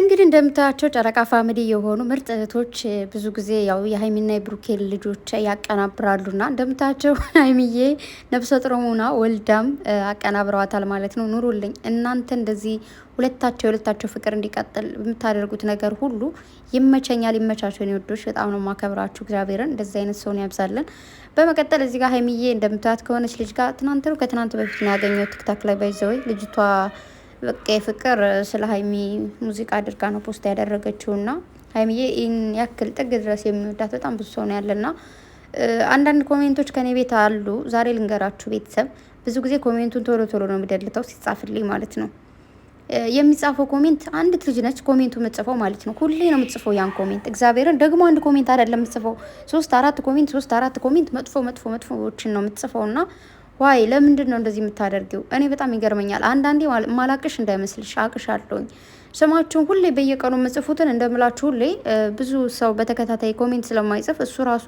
እንግዲህ እንደምታያቸው ጨረቃ ፋሚሊ የሆኑ ምርጥ እህቶች ብዙ ጊዜ ያው የሀይሚና የብሩኬል ልጆች ያቀናብራሉና እንደምታያቸው ሀይሚዬ ነብሰ ጡር ሆና ወልዳም አቀናብረዋታል ማለት ነው። ኑሩልኝ እናንተ እንደዚህ ሁለታቸው የሁለታቸው ፍቅር እንዲቀጥል የምታደርጉት ነገር ሁሉ ይመቸኛል። ይመቻቸው የኔ ወዶች፣ በጣም ነው ማከብራችሁ። እግዚአብሔርን እንደዚህ አይነት ሰውን ያብዛለን። በመቀጠል እዚህ ጋር ሀይሚዬ እንደምታያት ከሆነች ልጅ ጋር ትናንት ነው ከትናንት በፊት ነው ያገኘው ቲክታክ ላይ ባይዘወይ ልጅቷ በቃ የፍቅር ስለ ሀይሚ ሙዚቃ አድርጋ ነው ፖስት ያደረገችው እና ሀይሚዬ ይህን ያክል ጥግ ድረስ የሚወዳት በጣም ብዙ ሰው ነው ያለና አንዳንድ ኮሜንቶች ከኔ ቤት አሉ። ዛሬ ልንገራችሁ ቤተሰብ፣ ብዙ ጊዜ ኮሜንቱን ቶሎ ቶሎ ነው የሚደልተው ሲጻፍልኝ ማለት ነው። የሚጻፈው ኮሜንት አንዲት ልጅ ነች ኮሜንቱ የምጽፈው ማለት ነው። ሁሌ ነው የምጽፈው ያን ኮሜንት። እግዚአብሔርን ደግሞ አንድ ኮሜንት አይደለም የምጽፈው፣ ሶስት አራት ኮሜንት ሶስት አራት ኮሜንት መጥፎ መጥፎ መጥፎዎችን ነው የምጽፈው እና ዋይ ለምንድን ነው እንደዚህ የምታደርጊው? እኔ በጣም ይገርመኛል። አንዳንዴ ማላቅሽ እንዳይመስልሽ አቅሽ አለውኝ። ስማችሁን ሁሌ በየቀኑ የምጽፉትን እንደምላችሁ ሁሌ ብዙ ሰው በተከታታይ ኮሜንት ስለማይጽፍ እሱ ራሱ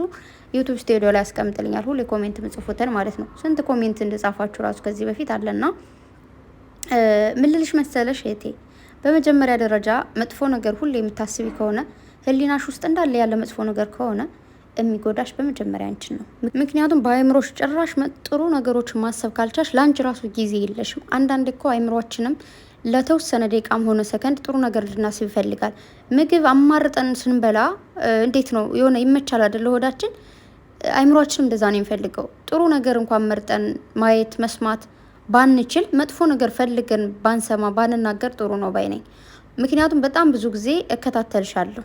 ዩቱብ ስቱዲዮ ላይ ያስቀምጥልኛል። ሁሌ ኮሜንት የምጽፉትን ማለት ነው። ስንት ኮሜንት እንደጻፋችሁ ራሱ ከዚህ በፊት አለና ምልልሽ መሰለሽ እህቴ፣ በመጀመሪያ ደረጃ መጥፎ ነገር ሁሌ የምታስቢ ከሆነ ህሊናሽ ውስጥ እንዳለ ያለ መጥፎ ነገር ከሆነ የሚጎዳሽ በመጀመሪያ አንቺን ነው። ምክንያቱም በአይምሮች ጭራሽ ጥሩ ነገሮችን ማሰብ ካልቻሽ ለአንቺ ራሱ ጊዜ የለሽም። አንዳንድ እኮ አይምሮችንም ለተወሰነ ደቂቃም ሆነ ሰከንድ ጥሩ ነገር ልናስብ ይፈልጋል። ምግብ አማርጠን ስንበላ እንዴት ነው የሆነ ይመቻል አደለ ሆዳችን አይምሮችንም እንደዛ ነው የሚፈልገው። ጥሩ ነገር እንኳን መርጠን ማየት መስማት ባንችል መጥፎ ነገር ፈልገን ባንሰማ ባንናገር ጥሩ ነው ባይ ነኝ። ምክንያቱም በጣም ብዙ ጊዜ እከታተልሻለሁ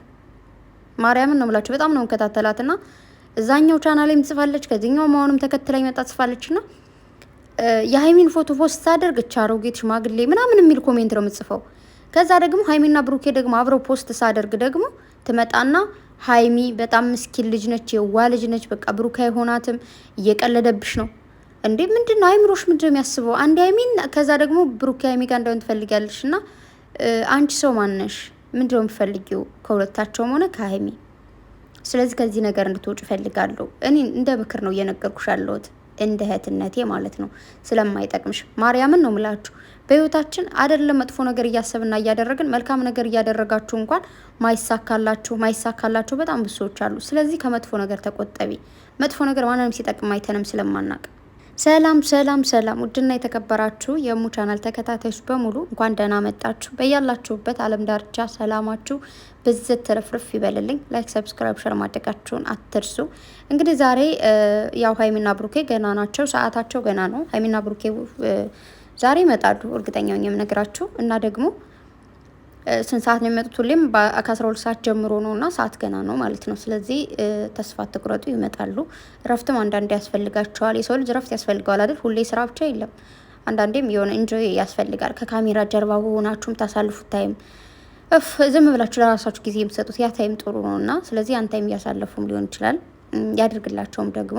ማርያምን ነው ብላችሁ በጣም ነው መከታተላት እና እዛኛው ቻናሌም ጽፋለች፣ ከዚህኛው መሆኑም ተከትላኝ መጣ ጽፋለች እና የሀይሚን ፎቶ ፖስት ሳደርግ እቻ አሮጌት ሽማግሌ ምናምን የሚል ኮሜንት ነው የምጽፈው። ከዛ ደግሞ ሀይሚና ብሩኬ ደግሞ አብረው ፖስት ሳደርግ ደግሞ ትመጣና ሀይሚ በጣም ምስኪን ልጅ ነች፣ የዋ ልጅ ነች፣ በቃ ብሩኬ አይሆናትም፣ እየቀለደብሽ ነው እንዴ ምንድን ነው አይምሮሽ? ምንድን ነው የሚያስበው? አንድ ሀይሚን ከዛ ደግሞ ብሩኬ ሀይሚ ጋር እንዳሆን ትፈልጊያለሽ አንቺ ሰው ማነሽ? ምንድነው የምፈልጊው ከሁለታቸውም ሆነ ከሀይሚ? ስለዚህ ከዚህ ነገር እንድትወጪ እፈልጋለሁ። እኔ እንደ ምክር ነው እየነገርኩሽ ያለሁት እንደ እህትነቴ ማለት ነው። ስለማይጠቅምሽ ማርያምን ነው ምላችሁ። በህይወታችን አይደለም መጥፎ ነገር እያሰብና እያደረግን መልካም ነገር እያደረጋችሁ እንኳን ማይሳካላችሁ ማይሳካላችሁ በጣም ብሶዎች አሉ። ስለዚህ ከመጥፎ ነገር ተቆጠቢ። መጥፎ ነገር ማንንም ሲጠቅም አይተንም ስለማናቅ ሰላም ሰላም ሰላም ውድና የተከበራችሁ የሙ ቻናል ተከታታዮች በሙሉ እንኳን ደህና መጣችሁ። በያላችሁበት ዓለም ዳርቻ ሰላማችሁ ብዝት ትርፍርፍ ይበልልኝ። ላይክ፣ ሰብስክራይብ፣ ሸር ማድረጋችሁን አትርሱ። እንግዲህ ዛሬ ያው ሀይሚና ብሩኬ ገና ናቸው፣ ሰዓታቸው ገና ነው። ሀይሚና ብሩኬ ዛሬ ይመጣሉ እርግጠኛ የምነግራችሁ እና ደግሞ ስንት ሰዓት ነው የሚመጡት? ሁሌም ከአስራ ሁለት ሰዓት ጀምሮ ነው እና ሰዓት ገና ነው ማለት ነው። ስለዚህ ተስፋ ትቁረጡ፣ ይመጣሉ። እረፍትም አንዳንዴ ያስፈልጋቸዋል። የሰው ልጅ እረፍት ያስፈልገዋል አይደል? ሁሌ ስራ ብቻ የለም። አንዳንዴም የሆነ ኢንጆይ ያስፈልጋል። ከካሜራ ጀርባ ሆናችሁም ታሳልፉት ታይም እፍ ዝም ብላችሁ ለራሳችሁ ጊዜ የምትሰጡት ያ ታይም ጥሩ ነው እና ስለዚህ ያን ታይም እያሳለፉም ሊሆን ይችላል። ያደርግላቸውም ደግሞ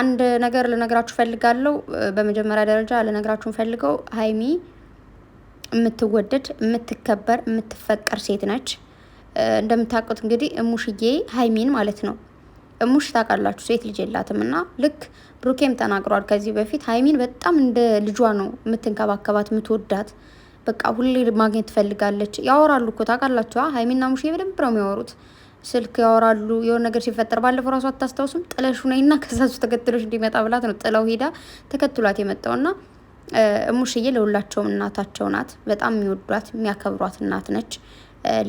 አንድ ነገር ልነግራችሁ ፈልጋለሁ። በመጀመሪያ ደረጃ ልነግራችሁ ፈልገው ሀይሚ የምትወደድ የምትከበር የምትፈቀር ሴት ነች። እንደምታውቁት እንግዲህ እሙሽዬ ሀይሚን ማለት ነው። እሙሽ ታውቃላችሁ ሴት ልጅ የላትም እና ልክ ብሩኬም ተናግሯል ከዚህ በፊት ሀይሚን በጣም እንደ ልጇ ነው የምትንከባከባት የምትወዳት በቃ ሁሌ ማግኘት ትፈልጋለች። ያወራሉ እኮ ታውቃላችኋ። ሀይሚና ሙሽ በደንብ ነው የሚያወሩት። ስልክ ያወራሉ። የሆነ ነገር ሲፈጠር ባለፈው ራሱ አታስታውሱም? ጥለሹ ነይና ከዛሱ ተከትሎች እንዲመጣ ብላት ነው ጥለው ሄዳ ተከትሏት የመጣውና እሙሽዬ ለሁላቸውም እናታቸው ናት። በጣም የሚወዷት የሚያከብሯት እናት ነች።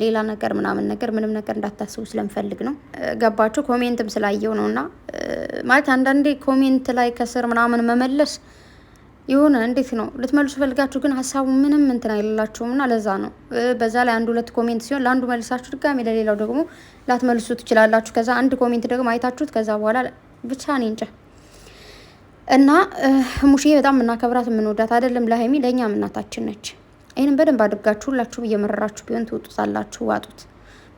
ሌላ ነገር ምናምን ነገር ምንም ነገር እንዳታስቡ ስለምፈልግ ነው። ገባችሁ? ኮሜንትም ስላየው ነው እና ማለት አንዳንዴ ኮሜንት ላይ ከስር ምናምን መመለስ የሆነ እንዴት ነው ልትመልሱ ፈልጋችሁ ግን ሀሳቡ ምንም እንትን አይላችሁም እና ለዛ ነው። በዛ ላይ አንድ ሁለት ኮሜንት ሲሆን ለአንዱ መልሳችሁ ድጋሚ ለሌላው ደግሞ ላትመልሱ ትችላላችሁ። ከዛ አንድ ኮሜንት ደግሞ አይታችሁት ከዛ በኋላ ብቻ እኔ እንጃ እና ሙሽዬ በጣም የምናከብራት የምንወዳት አይደለም ለሀይሚ ለእኛ እናታችን ነች። ይህንም በደንብ አድርጋችሁ ሁላችሁ እየመረራችሁ ቢሆን ትውጡታላችሁ፣ ዋጡት።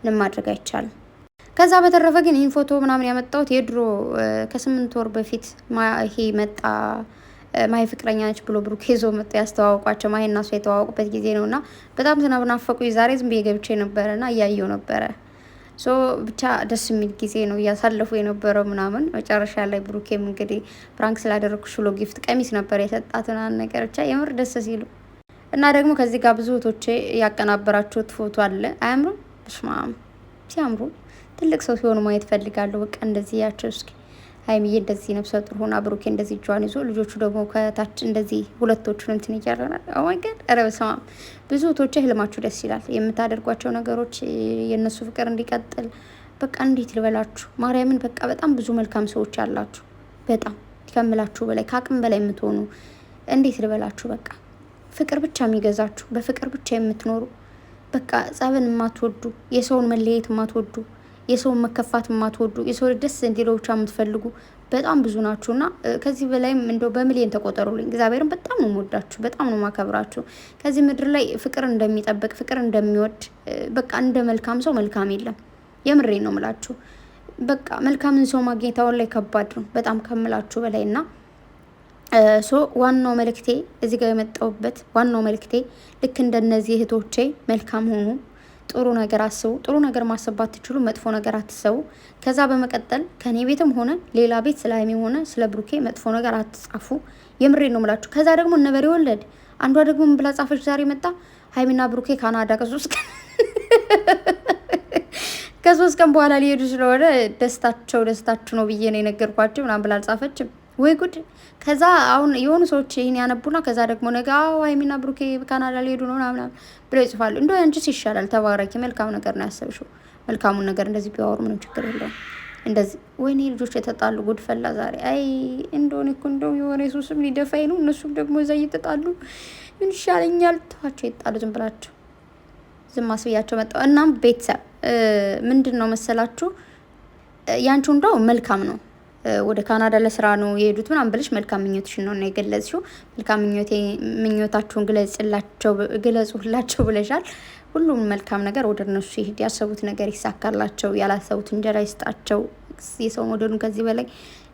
ምንም ማድረግ አይቻልም። ከዛ በተረፈ ግን ይህን ፎቶ ምናምን ያመጣሁት የድሮ ከስምንት ወር በፊት ይሄ መጣ ማይ ፍቅረኛ ነች ብሎ ብሩክ ይዞ መጣ ያስተዋወቋቸው ማይና እሷ የተዋወቁበት ጊዜ ነው። እና በጣም ስናፍቁኝ ዛሬ ዝም ብዬ ገብቼ ነበረ እና እያየው ነበረ ሶ ብቻ ደስ የሚል ጊዜ ነው እያሳለፉ የነበረው ምናምን። መጨረሻ ላይ ብሩኬም እንግዲህ ፕራንክ ስላደረግኩሽ ሽሎ ጊፍት ቀሚስ ነበር የሰጣትናን ነገር ብቻ የምር ደስ ሲሉ እና ደግሞ ከዚህ ጋር ብዙ እህቶቼ ያቀናበራችሁት ፎቶ አለ። አያምሩም? በስመ ሲያምሩ! ትልቅ ሰው ሲሆኑ ማየት ፈልጋለሁ። በቃ እንደዚህ ያቸው እስኪ ሀይሚዬ እንደዚህ ነብሰ ጡር ሆና ብሩኬ እንደዚህ እጇን ይዞ ልጆቹ ደግሞ ከታች እንደዚህ ሁለቶቹን እንትን ይጨረናል። ኦማይጋድ ኧረ በስመ አብ። ብዙ እህቶቼ ህልማችሁ ደስ ይላል። የምታደርጓቸው ነገሮች የእነሱ ፍቅር እንዲቀጥል በቃ እንዴት ልበላችሁ ማርያምን በቃ በጣም ብዙ መልካም ሰዎች አላችሁ። በጣም ከምላችሁ በላይ ከአቅም በላይ የምትሆኑ እንዴት ልበላችሁ በቃ ፍቅር ብቻ የሚገዛችሁ በፍቅር ብቻ የምትኖሩ በቃ ጸብን የማትወዱ የሰውን መለየት የማትወዱ የሰውን መከፋት የማትወዱ የሰው ደስ እንዲለው ብቻ የምትፈልጉ በጣም ብዙ ናችሁ እና ከዚህ በላይም እንደው በሚሊዮን ተቆጠሩልኝ። እግዚአብሔርን በጣም ነው የምወዳችሁ፣ በጣም ነው የማከብራችሁ። ከዚህ ምድር ላይ ፍቅር እንደሚጠብቅ ፍቅር እንደሚወድ በቃ እንደ መልካም ሰው መልካም የለም። የምሬ ነው ምላችሁ። በቃ መልካምን ሰው ማግኘት አሁን ላይ ከባድ ነው በጣም ከምላችሁ በላይ እና ሶ ዋናው መልክቴ እዚህ ጋር የመጣሁበት ዋናው መልክቴ ልክ እንደነዚህ እህቶቼ መልካም ሆኑ። ጥሩ ነገር አስቡ። ጥሩ ነገር ማሰብ ባትችሉ መጥፎ ነገር አትሰቡ። ከዛ በመቀጠል ከኔ ቤትም ሆነ ሌላ ቤት ስለ ሀይሜም ሆነ ስለ ብሩኬ መጥፎ ነገር አትጻፉ። የምሬ ነው ምላችሁ። ከዛ ደግሞ እነበሬ ወለድ አንዷ ደግሞ ምን ብላ ጻፈች? ዛሬ መጣ ሀይሚና ብሩኬ ካናዳ ከሶስት ቀን ከሶስት ቀን በኋላ ሊሄዱ ስለሆነ ደስታቸው ደስታችሁ ነው ብዬ ነው የነገርኳቸው ምናምን ብላ አልጻፈችም። ወይ ጉድ! ከዛ አሁን የሆኑ ሰዎች ይህን ያነቡና ከዛ ደግሞ ነገ አዎ ሀይሚና ብሩኬ ካናዳ ሊሄዱ ነው ምናምን ብለው ይጽፋሉ። እንደ አንቺስ ይሻላል፣ ተባረኪ። መልካም ነገር ነው ያሰብሽው። መልካሙን ነገር እንደዚህ ቢያወሩ ምንም ችግር የለውም። እንደዚህ ወይኔ ልጆች የተጣሉ ጉድ ፈላ ዛሬ። አይ እንደሆነ እኮ እንደው የሆነ ሱስም ሊደፋኝ ነው። እነሱም ደግሞ እዛ እየተጣሉ ምን ይሻለኛል? ተዋቸው፣ ይጣሉ ዝም ብላቸው። ዝም አስብያቸው መጣሁ። እናም ቤተሰብ ምንድን ነው መሰላችሁ ያንቺው እንደው መልካም ነው ወደ ካናዳ ለስራ ነው የሄዱት ምናምን ብለሽ መልካም ምኞትሽን ነው እና የገለጽሽው። መልካም ምኞታችሁን ግለጹላቸው ብለሻል። ሁሉም መልካም ነገር ወደ እነሱ ይሄድ፣ ያሰቡት ነገር ይሳካላቸው፣ ያላሰቡት እንጀራ ይስጣቸው። የሰው መውደዱን ከዚህ በላይ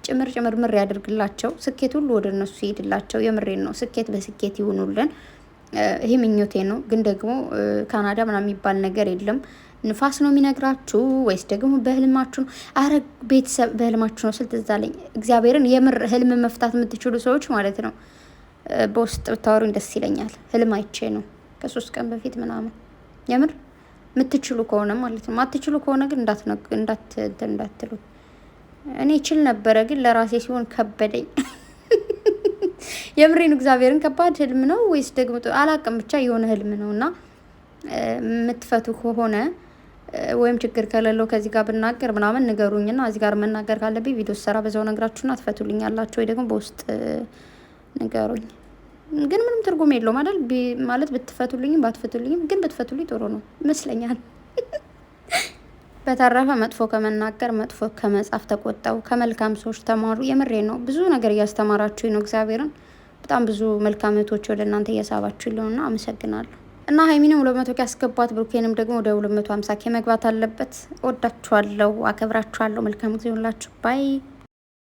ጭምር ጭምር ምር ያደርግላቸው። ስኬት ሁሉ ወደ እነሱ ይሄድላቸው። የምሬን ነው። ስኬት በስኬት ይሁኑልን። ይሄ ምኞቴ ነው። ግን ደግሞ ካናዳ ምናምን የሚባል ነገር የለም። ንፋስ ነው የሚነግራችሁ ወይስ ደግሞ በህልማችሁ ነው? አረ ቤተሰብ በህልማችሁ ነው ስል እግዚአብሔርን የምር ህልም መፍታት የምትችሉ ሰዎች ማለት ነው በውስጥ ብታወሩኝ ደስ ይለኛል። ህልም አይቼ ነው ከሶስት ቀን በፊት ምናምን የምር የምትችሉ ከሆነ ማለት ነው። ማትችሉ ከሆነ ግን እንዳትሉ። እኔ ችል ነበረ፣ ግን ለራሴ ሲሆን ከበደኝ። የምሬን እግዚአብሔርን ከባድ ህልም ነው ወይስ ደግሞ አላቅም፣ ብቻ የሆነ ህልም ነው እና የምትፈቱ ከሆነ ወይም ችግር ከሌለው ከዚህ ጋር ብናገር ምናምን ንገሩኝና እዚህ ጋር መናገር ካለብኝ ቪዲዮ ስሰራ በዛው ነግራችሁና ትፈቱልኝ ያላችሁ ወይ ደግሞ በውስጥ ንገሩኝ። ግን ምንም ትርጉም የለውም አይደል? ማለት ብትፈቱልኝም ባትፈቱልኝም ግን ብትፈቱልኝ ጥሩ ነው ይመስለኛል። በተረፈ መጥፎ ከመናገር መጥፎ ከመጻፍ ተቆጠቡ፣ ከመልካም ሰዎች ተማሩ። የምሬ ነው። ብዙ ነገር እያስተማራችሁ ነው። እግዚአብሔርን በጣም ብዙ መልካም እህቶች ወደ እናንተ እያሳባችሁ ለውና አመሰግናለሁ። እና ሀይሚንም ሁለት መቶ ኬ ያስገባት፣ ብሩኬንም ደግሞ ወደ ሁለት መቶ ሀምሳ ኬ መግባት አለበት። ወዳችኋለሁ፣ አከብራችኋለሁ። መልካም ጊዜ ሁላችሁ ባይ